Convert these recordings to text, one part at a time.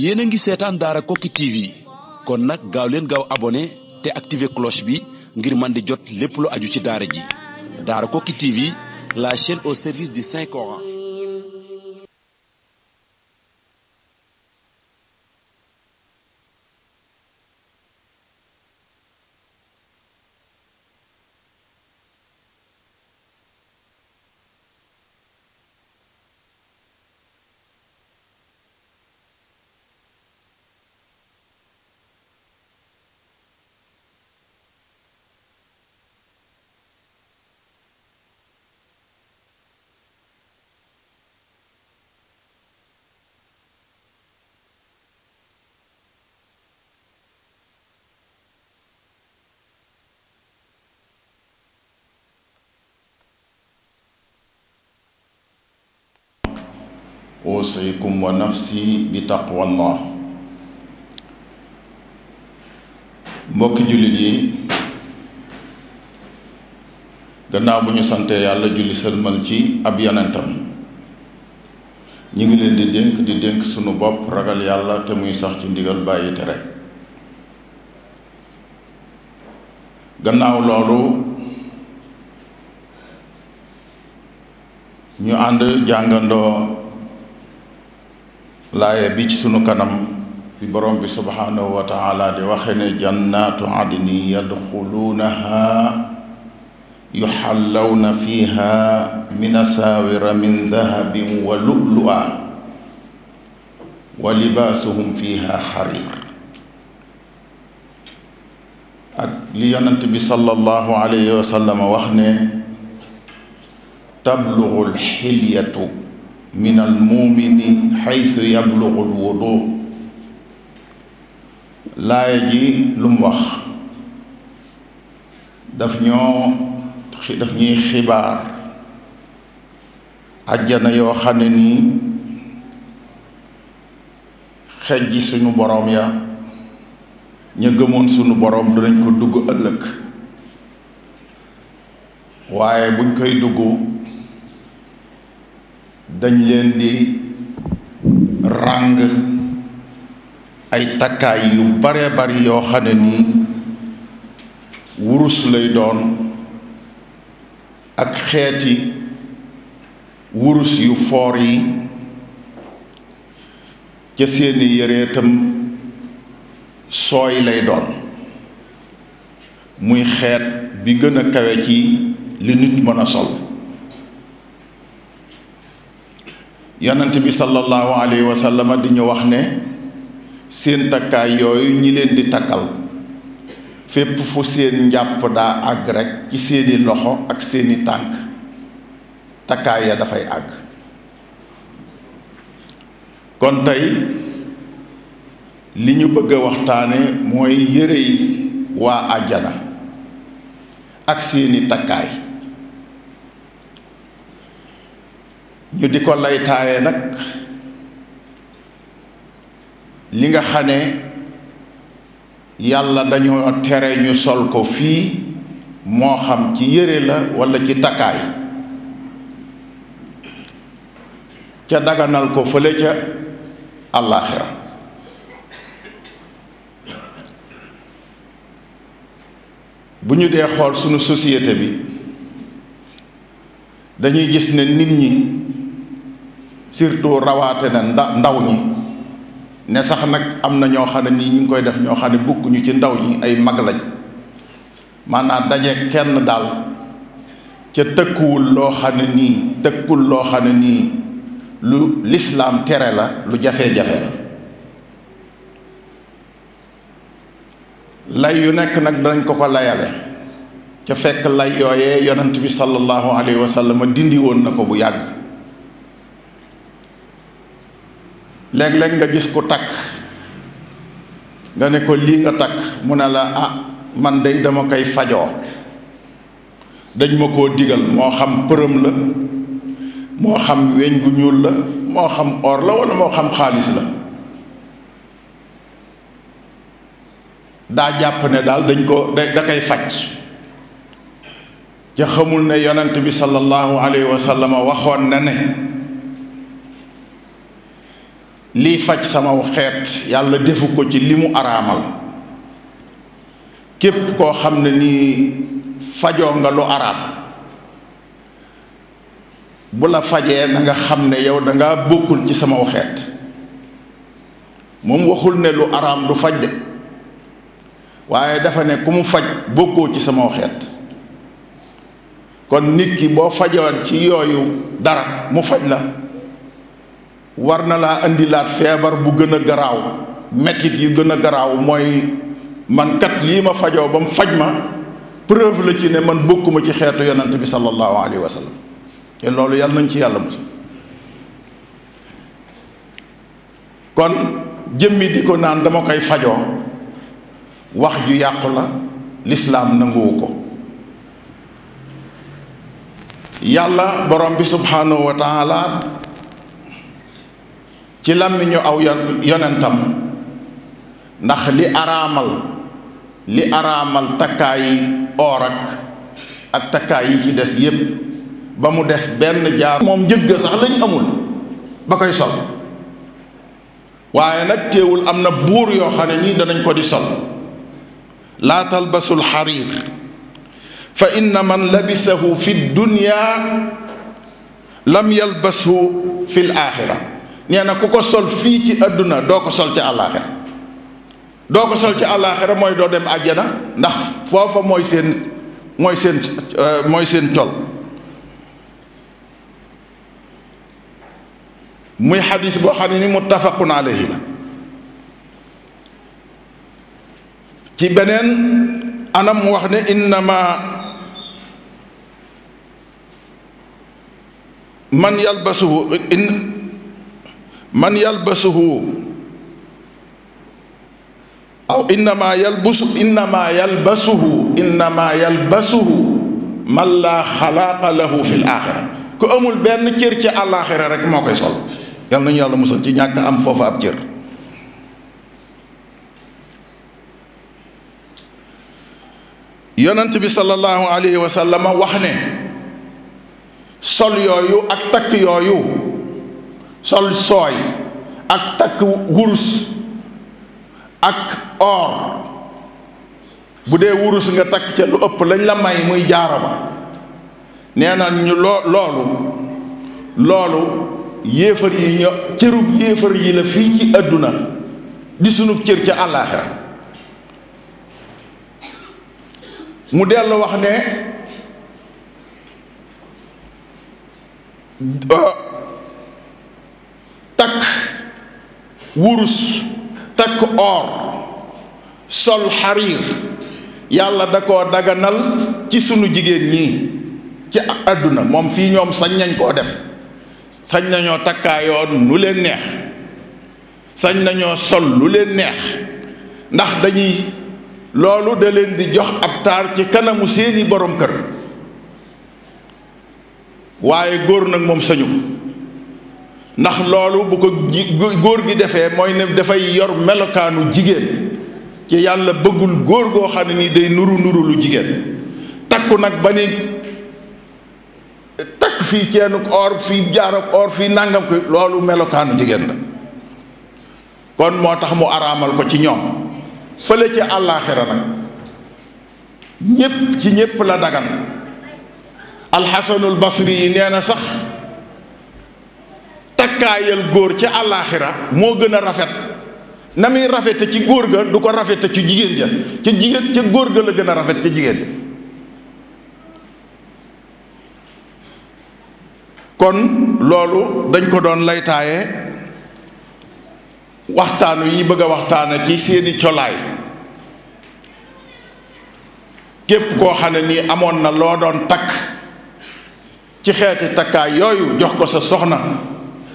yéen a ngi seetaan daara Koki TV kon nag gaaw gaaw abonné te activé cloche bi ngir man di jot lépp lu aju ci daara ji daara Koki TV la chaîne au service di Saint Coran uusikum wa nafsi bi taqwallah mbokki jullit yi gannaaw bu ñu santee yàlla julli sëlmal ci ab yonentam ñu ngi leen di dénk di dénk sunu bopp ragal yàlla te muy sax ci ndigal bàyyi tere gannaaw loolu ñu ànd jàngandoo laaya bi ci sunu kanam bi borom bi subhaanahu wa taala di waxe ne jannaatu adni yadxuluunaha yuxallawna fiha min asaawira min dahabin wa lu'lu'a wa libaasuhum fiha xariir ak li bi sallallahu alayhi wa sallam wax ne min almuumini xaytu yabluqul wudu laaya ji lu mu wax daf ñoo daf ñuy xibaar àjjana yoo xam ne nii xej ji suñu boroom ya ña gëmoon suñu boroom dinañ ko dugg ëllëg waaye buñ koy dugg dañ leen di ràng ay takkaay yu bare bari yoo xam ne wurus lay doon ak xeeti wurus yu foor yi ca seeni yére itam sooy lay doon muy xeet bi gën a kawe ci li nit mën a sol yonent bi sallallahu alayhi wa sallam di ñu wax ne seen takkaay yooyu ñi leen di takkal fépp fu seen njàpp daa àgg rek ci seeni loxo ak seeni tànk takkaay ya dafay àgg kon tey li ñu bëgg waxtaane mooy yëre yi waa àjjana ak seeni takkaay ñu di ko laytaayee nag li nga xam ne yàlla dañoo tere ñu sol ko fii moo xam ci yére la walla ci takkaay ca daganal ko fële ca àllaaxira bu ñu dee xool sunu société bi dañuy gis ne nit ñi surtout rawaate na nda ndaw ñi ne sax nag am na ñoo xam ne nii ñu ngi koy def ñoo xam ne bokkuñu ci ndaw ñi ay mag lañ maanaam daje kenn daal ca tëkkuwul loo xam ne nii tëkkul loo xam ne nii lu lislaam tere la lu jafe-jafe la lay yu nekk nag danañ ko ko layale ca fekk lay yooyee yonent bi sallallahu alayhi wa sallam dindi na ko bu yàgg léeg-léeg nga gis ku takk nga ne ko lii nga takk mu ne la ah man day dama koy fajoo dañ ma koo digal moo xam përëm la moo xam weñ gu ñuul la moo xam or la walla moo xam xaalis la daa jàpp ne daal dañ ko da koy faj ca xamul ne yonent bi sallallahu alayhi wa sallam waxoon na ne lii faj sama xeet yàlla defu ko ci li mu araamal képp koo xam ne nii fajoo nga lu araam bu la fajee na nga xam ne yow dangaa bokkul ci sama xeet moom waxul ne lu araam du faj de waaye dafa ne ku mu faj bokkoo ci sama xeet kon nit ki boo fajoon ci yooyu dara mu faj la war na laa indilaat feebar bu gën a garaaw metit yi gën a garaaw mooy man kat lii ma fajoo ba mu faj ma preuve la ci ne man bokkuma ci xeetu yonent bi sallallahu alayhi wa te loolu yàlla nañ ci yàlla musal kon jëmmi di ko naan dama koy fajoo wax ju yàqu la lislaam nanguwu ko yàlla borom bi subhanahu wa ci làmmiñu aw yonentam ndax li araamal li araamal takkaayi oor ak ak takkaay yi ci des yépp ba mu des benn jaar moom njëgg sax lañ amul ba koy sol waaye nag teewul am na buur yoo xam ne nii danañ ko di sol laa talbasul xariir fa inna man labisahu fi dunya lam yalbasu fi l axira nee na ku ko sol fii ci àdduna doo ko sol ci àllaaxira doo ko sol ci àllaaxira mooy doo dem àjjana ndax foofa mooy seen mooy seen euh, mooy seen col muy xadis boo xam ne ni tafaku naa la ci beneen anam mu wax ne na ma man yalbasuhu in man yalbasuhu aw innama yalbasu innama yalbasuhu innama yalbasuhu man laa xalaaqa lahu fi l ku amul benn cër ci àllaaxira rek moo koy sol yal nañu yàlla musal ci ñàkk am foofa ab cër yonent bi sallallahu alayhi wa wax ne sol yooyu ak takk yooyu sol sooy ak takk wurus ak or bu dee wurus nga takk ca lu ëpp lañ la may muy jaaro ba nee na ñu loo loolu loolu yéefar yi ño cërub yéefar yi la fii ci àdduna di sunub cër ca àllaaxira mu dellu wax ne euh, takk wurus takk or sol xariir yàlla da koo daganal ci sunu jigéen ñi ci ab àdduna moom fii ñoom sañ nañ koo def sañ nañoo takkaayoon nu leen neex sañ nañoo sol lu leen neex ndax dañuy loolu da leen di jox ab taar ci kanamu seeni borom kër waaye góor nag moom sañu ko ndax loolu bu ko góor gi defee mooy ne dafay yor melokaanu jigéen ci yàlla bëggul góor goo xam ne nii day nuru nuru lu jigéen takku nag ba ni takk fii ceenuk or fii jaaruk or fii nangam ko loolu melokaanu jigéen la kon moo tax mu araamal ko ci ñoom fële ci àllaaxira nag ñépp ci ñépp la dagan alxasanul basri yi nee na sax takkaayal góor ci àllaaxira moo gën a rafet na muy rafete ci góor ga du ko rafete ci jigéen ja ci jigéen ca góor ga la gën a rafet ci jigéen ja kon loolu dañ ko doon laytaaye waxtaanu yi bëgg a waxtaana ci seeni colaay képp koo xam ne nii amoon na loo doon takk ci xeeti takkaay yooyu jox ko sa soxna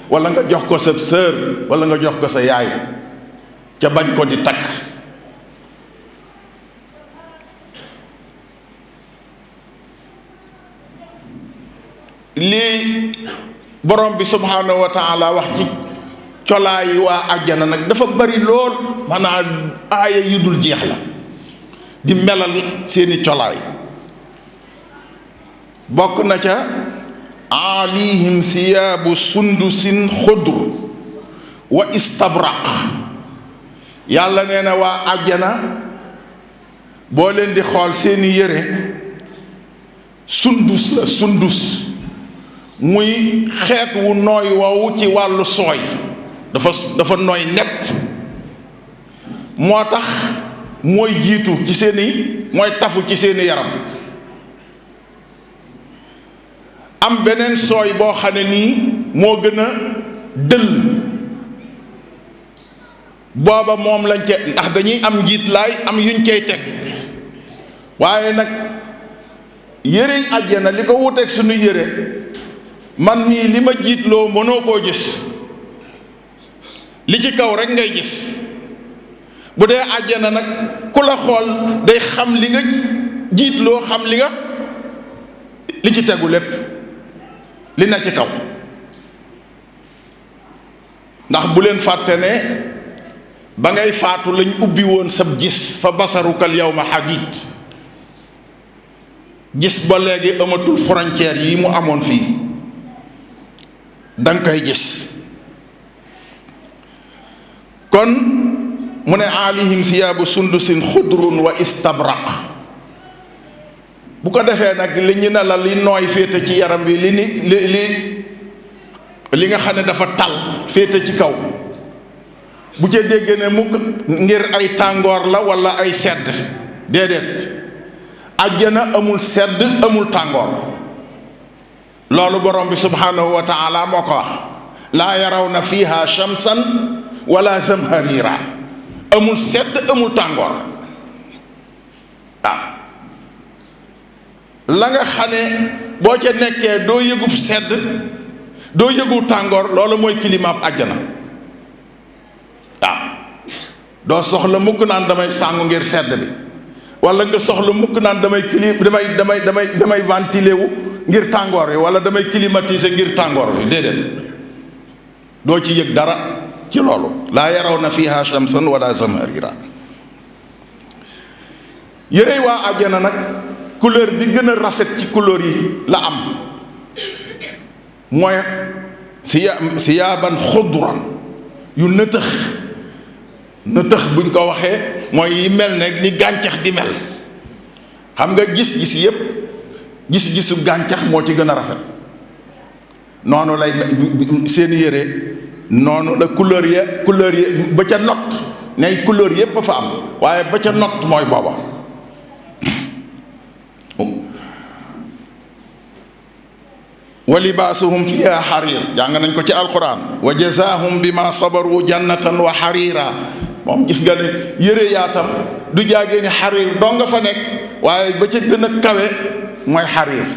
wala nga jox ko sa sœur wala nga jox ko sa yaay ca bañ ko di takk lii borom bi subhaanahu wa taala wax ci colaay waa àjjana nag dafa bari lool maanaam aaya yu dul jeex la di melal seeni colaay bokk na ca aalihim thiyaabu sundusin xudr wa istabraq yàlla nee na waa àjjana boo leen di xool seeni yére sundus la sundus muy xeet wu nooy woowu ci wàllu sooy dafa dafa nooy nepp moo tax mooy jiitu ci seeni mooy tafu ci seeni yaram am beneen sooy boo xam ne nii moo gën a dëll booba moom lañ ca ndax dañuy am njiit laay am yuñ cay teg waaye nag yërey àjjana li ko wuteeg suñu yëre man nii li ma jiitloo mënoo koo gis li ci kaw rek ngay gis bu dee àjjana nag ku la xool day xam li nga jiitloo xam li nga li ci tegu lépp li na ci kaw ndax bu leen fàtte ne ba ngay faatu lañ ubbi woon sab gis fa basarukal yow ma xadid gis ba léegi amatul frontière yi mu amoon fii danga koy gis kon mu ne aalihim siyaabu sundusin xudrun wa istabraq bu ko defee nag li ñu ne la li nooy féete ci yaram wi li ni li li nga xam ne dafa tal féete ci kaw bu ca dégg ne mukk ngir ay tàngoor la walla ay sedd déedéet àjjana amul sedd amul tàngoor loolu borom bi subhaanahu wa taala moo ko wax laa yaraw na fiha shamsan wala zamharira amul sedd amul tàngoor waaw la nga xam boo ca nekkee doo yëgub sedd doo yëgu tàngoor loolu mooy climat àjjana waaw doo soxla mukk naan damay sàngu ngir sedd bi wala nga soxla mukk naan damay cli damay damay damay wu ngir tàngoor wi wala damay climatiser ngir tàngoor wi déedéet doo ci yëg dara ci loolu laa yaraw na fiha shamsan wala zamharira yërey waa àjjana nag couleur bi gën a rafet ci couleur yi la am mooy siya siyaaban xudran yu nëtëx nëtëx buñ ko waxee mooy yi mel ne ni gàncax di mel xam nga gis-gis yépp gis-gisu gàncax moo ci gën a rafet noonu lay seen yére noonu la couleur ya couleur ya ba ca nott ne couleur yépp a fa am waaye ba ca nott mooy booba wa libaasuhum fiha xariir jàng nañ ko ci alxuraan wa jazaahum bima sabaru jannatan wa xariira moom gis nga ne yëre yaatam du jaagee ni xariir doo nga fa nekk waaye ba ca gën a kawe mooy xariir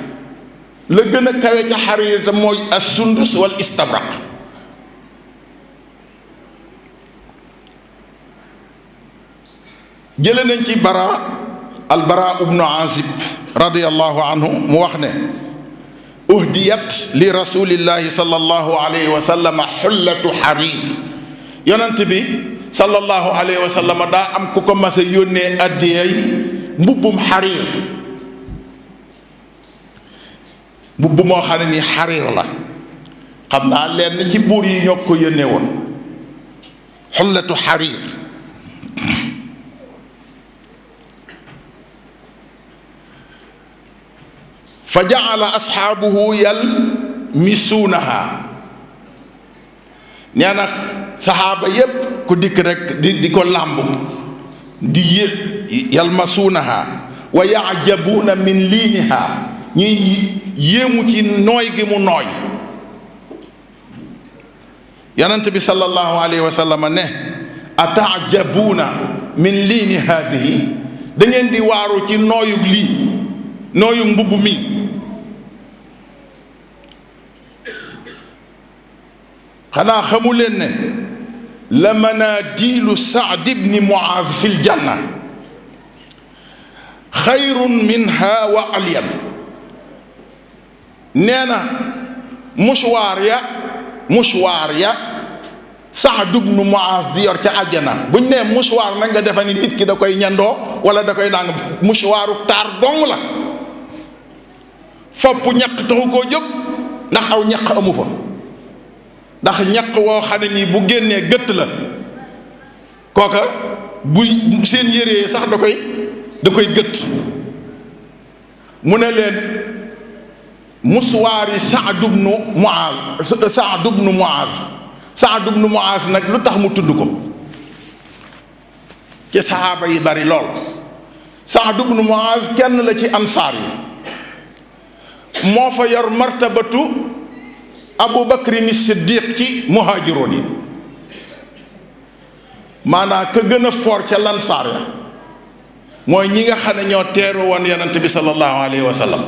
la gën a kawe ca xariir tam mooy assundus wal istabraq jële nañ ci bara albara ubnu azib radiallahu anhu mu wax ne uhdiyat li rasulillahi sallallahu alayhi wa sallam xullatu xariir yonent bi sallallahu alayhi wa sallam daa am ku ko mas a addiyay mbubbum xariir mbubb moo xam ne nii xariir la xam naa lenn ci buur yi ñoo ko yónnee woon xullatu fa jaala asxaabuhu yal misuunaha nee na saxaaba yépp ku dikk rek di ko làmb di yë yal masuunaha wa yaajabuuna min liiniha ñuy ci nooy gi mu nooy yonent bi sallallahu alayhi wa sallam ne ataajabuuna min liini haadihi da di waaru ci nooyug lii nooyug mbubb mi xanaa xamu leen ne la manaadilu saad ibni muaaz fi ljanna xayrun minha wa alyan nee na mushwaar ya mushwaar ya saad ibnu muaaz di yor ca àjjana buñ nee mushwaar nag nga defa ni nit ki da koy ñandoo wala da koy dàng mushwaaru taar dong la fopp ñaq taxu koo jóg ndax aw ñaq amu fa ndax ñaq woo xam ne nii bu génnee gëtt la kooka buy seen yére sax da koy da koy gëtt mu ne leen muswaari Saad ibnu Muaaz Saad ibnu Muaaz Saad ibnu Muaaz nag lu tax mu tudd ko ci saxaaba yi bari lool Saad nu Muaaz kenn la ci ansaar yi moo fa yor martabatu abu bakrin siddiq ci muhaajiroon yi maanaam ka gën a foor ca lansaar ya mooy ñi nga xam ne ñoo teeru woon yonent bi sallallahu alayhi wa sallam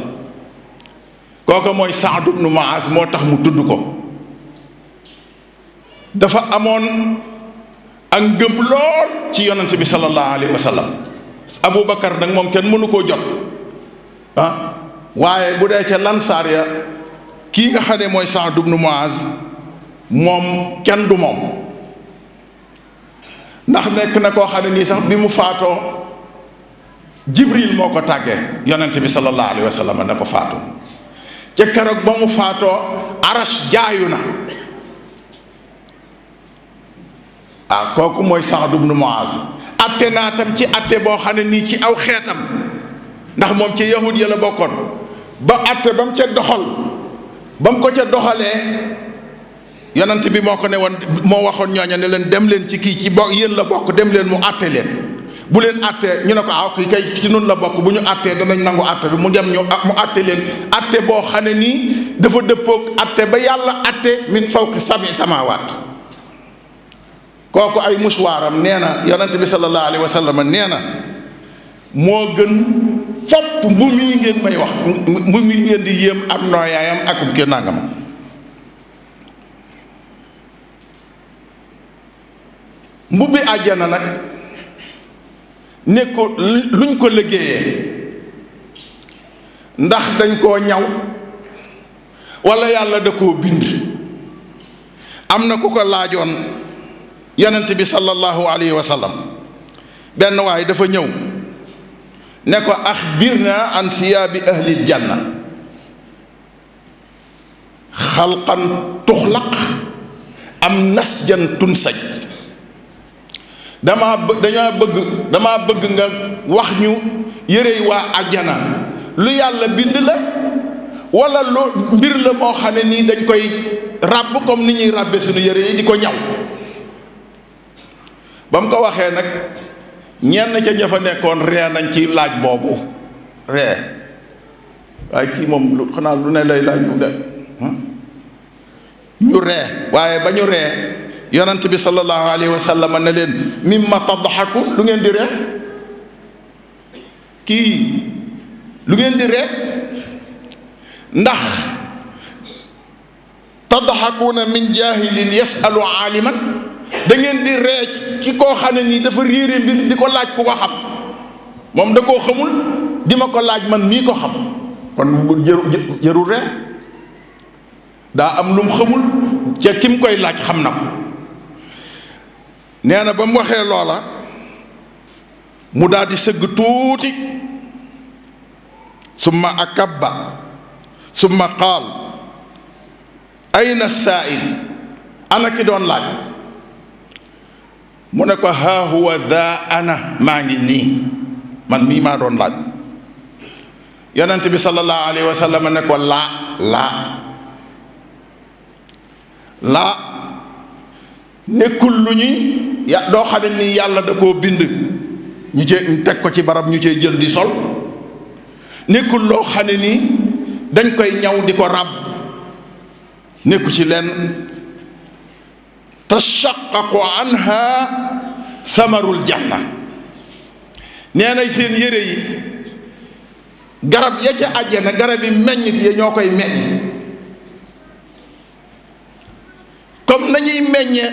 kooku mooy Saad ibnu Muaz moo tax mu tudd ko dafa amoon ak ngëm lool ci yonent bi sallallahu alayhi wa Abu Bakar nag moom kenn mënu koo jot ah, waaye bu dee ca lansaar ya kii nga xam ne mooy Saad ibn Muaz moom kenn du moom ndax nekk na koo xam ne nii sax bi mu faatoo Jibril moo ko tàggee yonent bi sallallahu alayhi wa sallam ne ca keroog ba faatoo arash jaayu na ah kooku mooy Saad ibn Muaz atte naa tam ci atte boo xam ne nii ci aw xeetam ndax moom ci yahud ya la bokkoon ba atte ba mu ca doxal ba mu ko ca doxalee yonent bi moo ko ne woon moo waxoon ñooña ne leen dem leen ci kii ci bo yéen la bokk demleen mu àtte leen bu leen àttee ñu ne ko aw ah, kii kay ci nun la bokk bu ñu àttee danañ nangu àtte bi mu dem ñu ah, mu àtte leen àtte boo xam ne nii dafa dëppoog àtte ba yàlla àtte min fawqi sami samawaat kooku ay musuwaaram nee na yonant bi sallallahu alayhi wa sallam nee na moo gën fopp mbubb mii ngeen may wax mbubb mii ngeen di yéem ak nooyaayam ak bu kenn nangam mbubbi àjjana nag ne ko luñ ko liggéeyee ndax dañ koo ñaw walla yàlla da koo bind am na ku ko laajoon yonent bi sallallahu alayhi wa benn waay dafa ñëw ne ko axbirna an siyaabi ahlil janna xalqan tuxlaq am nasjan tunsaj dama dañoo bëgg dama bëgg nga wax ñu yërey waa ajjana lu yàlla bind la walla lu mbir la moo xam ne nii dañ koy ràbb comme ni ñuy ràbbe sunu yére yi di ko ñaw ba mu ko waxee nag ñenn ca ña fa nekkoon ree nañ ci laaj boobu ree waaye kii moom lu xanaa lu ne lay laaj ñu de hmm? ñu ree waaye ba ñu ree yonent bi sallallahu alayhi wa sallam ne leen mimma tadxakun lu ngeen di ree kii lu ngeen di ree ndax tadxakuna min jahilin yasalu aaliman dangeen di ree ci koo xam nii dafa réere mbir di ko laaj ku ko xam moom da koo xamul di ma ko laaj man mii ko xam kon bu jëru ree daa am lu mu xamul ca ki mu koy laaj xam na ko nee na ba mu waxee loola mu daal di sëgg tuuti summa akabba summa qaal ayna saa'il ana ki doon laaj mu ne ko haa daa ana maa ngi lii man mii maa doon laaj yonent bi sallallahu alayhi wa ne ko laa laa laa nekkul lu ñuy ya doo xam ne ni yàlla da koo bind ñu cee teg ko ci barab ñu cee jël di sol nekkul loo xam ne nii dañ koy ñaw di ko ràbb nekku ci lenn tashaqqaqu anha samarul janna nee na seen yére yi garab ya ca àjjana garab yi meññit ya ñoo koy meññ comme nañuy meññee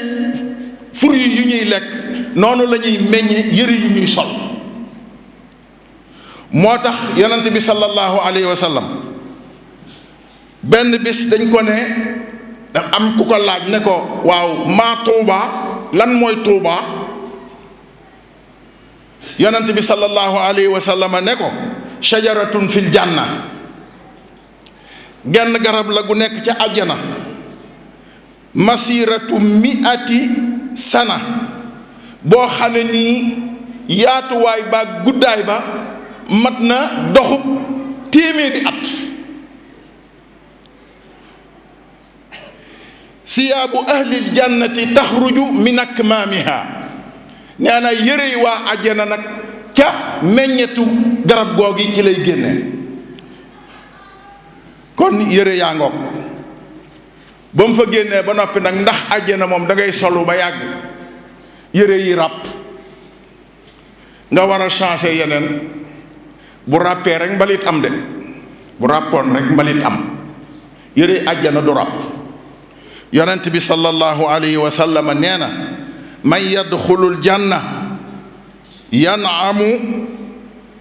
fruits yu ñuy lekk noonu la meññe meññee yére yu ñuy sol moo tax yonent bi sallallahu alayhi wa benn bis dañ ko ne da am ku ko laaj ne ko waaw maa tuuba lan mooy tuuba yonent bi sallallahu alayhi wa ne ko shajaratun fil janna genn garab la gu nekk ca àjjana masiratu miati sana boo xame ni yaatuwaay ba guddaay ba mat na doxub téeméeri at siyaabu tax jannati mi min akmaamiha nee na yërey waa àjjana nag ca meññetu garab googi ci lay génne kon yére yaa ngoog ba mu fa génnee ba noppi nag ndax àjjana moom da ngay solu ba yàgg yére yi ràpp nga war a changer yeneen bu ràppee rek mbalit am de bu ràppoon rek mbalit am yére àjjana du ràpp yonent bi sallallahu alayhi wa sallam nee na man yadxulul janna yanamu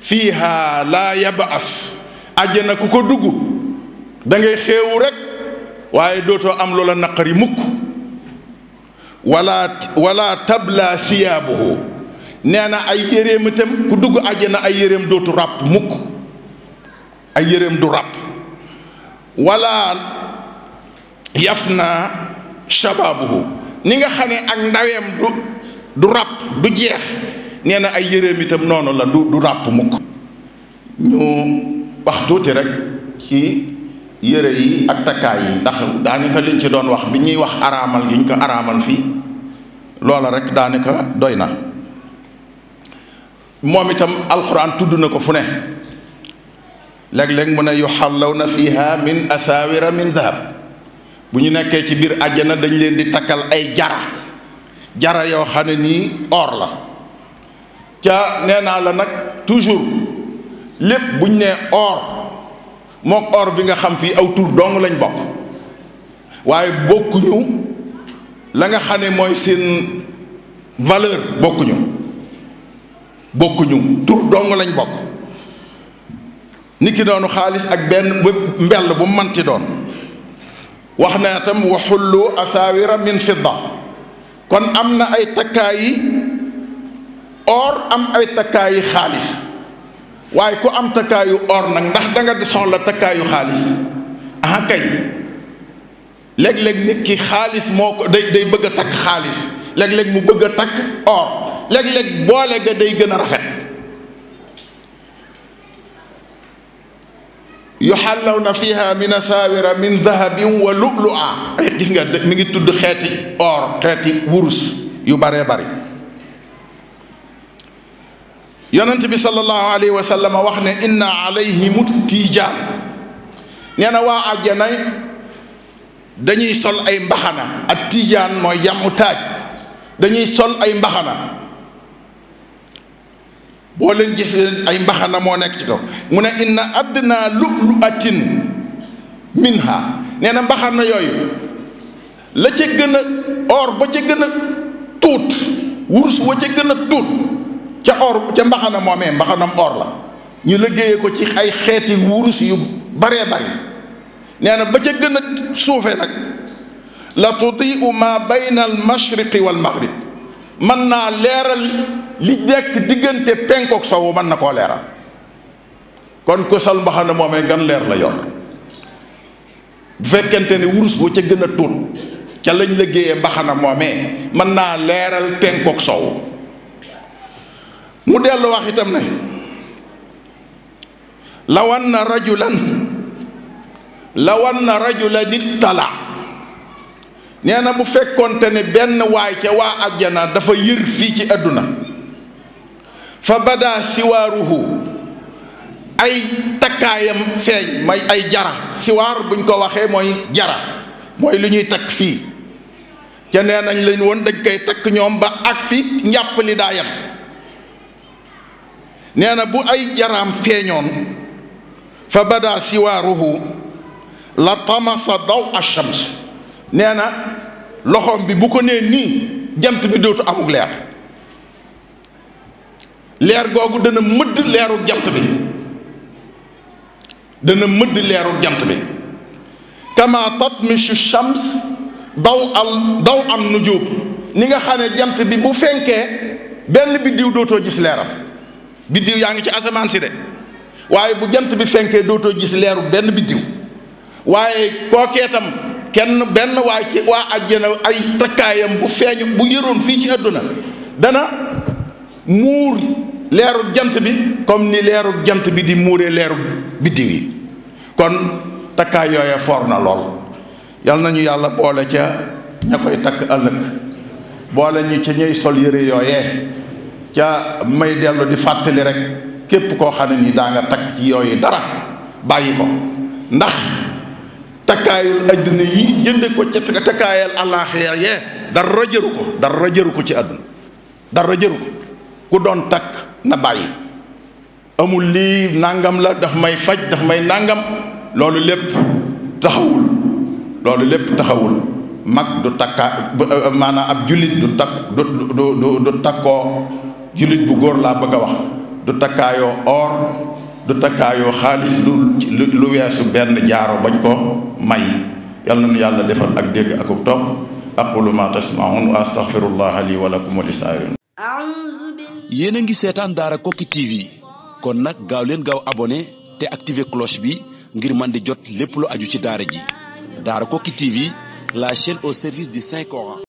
fiiha laa yabas àjjana ku ko dugg dangay ngay rek waaye dootoo am loola naqari mukk wala wala tabla siyaabuhu nee na ay yéreem itam ku dugg àjjana ay yéreem dootu ràpp mukk ay yéreem du ràpp wala yaf naa shababuhu ni nga xam ne ak ndaweem du du ràpp du jeex nee na ay yëreem itam noonu la du du ràpp mukk ñu wax tuuti rek ci yëre yi ak takkaay yi ndax daanaka liñ ci doon wax bi ñuy wax araamal gi ñu ko araamal fii loola rek daanaka doy na moom itam alxuraan tudd na ko fu ne léeg-léeg mu ne yuxallawna fiha min asawira min dahab bu ñu nekkee ci biir àjjana dañ leen di takkal ay jara jara yoo xam ne nii or la ca nee naa la nag toujours lépp buñ nee or mook or bi nga xam fii aw tur dong lañ bokk waaye bokkuñu la nga xam ne mooy seen valeur bokkuñu bokkuñu tur dong lañ bokk niki doonu xaalis ak benn mbell bu manti doon wax na itam wa xullu asaawira min fidda kon am na ay takkaayi or am ay takkaayi xaalis waaye ku am takkaayu or nag ndax da nga soxla takkaayu xaalis ah kay léeg-léeg nit ki xaalis moo ko day day bëgg a takk xaalis leg léeg mu bëgg a takk or léeg-léeg boole ga day gën a rafet yuxallawna mi min asaawira min dahabin wa lu'lu'a gis nga mi ngi tudd xeeti or xeeti wurus yu baree bari yonent bi sallallahu alayhi wa sallam wax ne inna alayhim tijaan nee na waa àjjana dañuy sol ay mbaxana ak tiijaan mooy yamu taaj dañuy sol ay mbaxana boo leen gis ay mbaxana moo nekk ci kaw mu ne inna adnaa lu'lu'atin minha nee na mbaxana yooyu la ca gën a or ba ca gën a tuut wurus wa ca gën a tuut ca or ca mbaxana moomee mbaxanam or la ñu liggéeye ko ci ay xeeti wurus yu baree bari nee na ba ca gën a suufee nag la tudiu ma bayna na mashriqi wal maghrib mën naa leeral li nekk diggante penkook sowu mën na koo leeral kon ku sol mbaxana moomee gan leer na yor bu fekkente ne wurus bu ca gën a tuut ca lañ liggéeyee mbaxana moomee mën naa leeral penkook sowu mu dellu wax itam ne lawan na rajulan lawan na rajulan ittala nee na bu fekkoonte ne benn waay ca waa ajjana dafa yër fii ci àdduna fa badaa ay takkaayam feeñ may ay jara siwaar buñ ko waxee mooy jara mooy lu ñuy takk fii ca nee nañ lañ woon dañ koy takk ñoom ba ak fi njàpp li daa yam nee na bu ay jaraam feeñoon fa badaa siwaaruhu la tamasa daw ashams nee na loxoom bi bu ko nee nii jant bi dootu amug leer leer googu dana mëdd leeru jant bi dana mëdd leeru jant bi kama tatmishu shams daw al daw am nujub ni nga xam ne jant bi bu fenkee benn biddiw dootoo gis leeram biddiw yaa ngi ci asamaan si de waaye bu jant bi fenkee dootoo gis leeru benn biddiw waaye kookee tam kenn benn waay ci waa àjjana ay takkaayam bu feeñ bu yëroon fii ci àdduna dana muur leeru jant bi comme ni leeru jant bi di muure leeru biddiw yi kon takkaay yooye foor na lool yal nañu yàlla boole ca ña koy takk ëllëg boole ñu ca ñey sol yére yooye ca may dellu di fàttali rek képp koo xam ne ni daa nga takk ci yooyu dara bàyyi ko ndax takkaayul àddina yi jënde ko ca takkaayal àllaaxira yee dara jëru ko dara jëru ko ci àdduna dara jëru ko ku doon takk na bàyyi amul lii nangam la daf may faj daf may nangam loolu lépp taxawul loolu lépp taxawul mag du takka euh, euh, maanaam ab jullit du takk du du du takkoo jullit bu góor laa bëgg a wax du takkaayoo or du takkaayu xaalis lu lu weesu benn jaaro bañ ko may yal na nu yàlla defal ak dégg akub topp aqulu ma tasmaun wa astaghfirullaha li wa lakum wa li a ngi seetaan Daara Koki TV kon nag gaaw leen gaaw abonné te activé cloche bi ngir man di jot lépp lu aju ci daara ji Daara Koki TV la chaîne au service di Saint Coran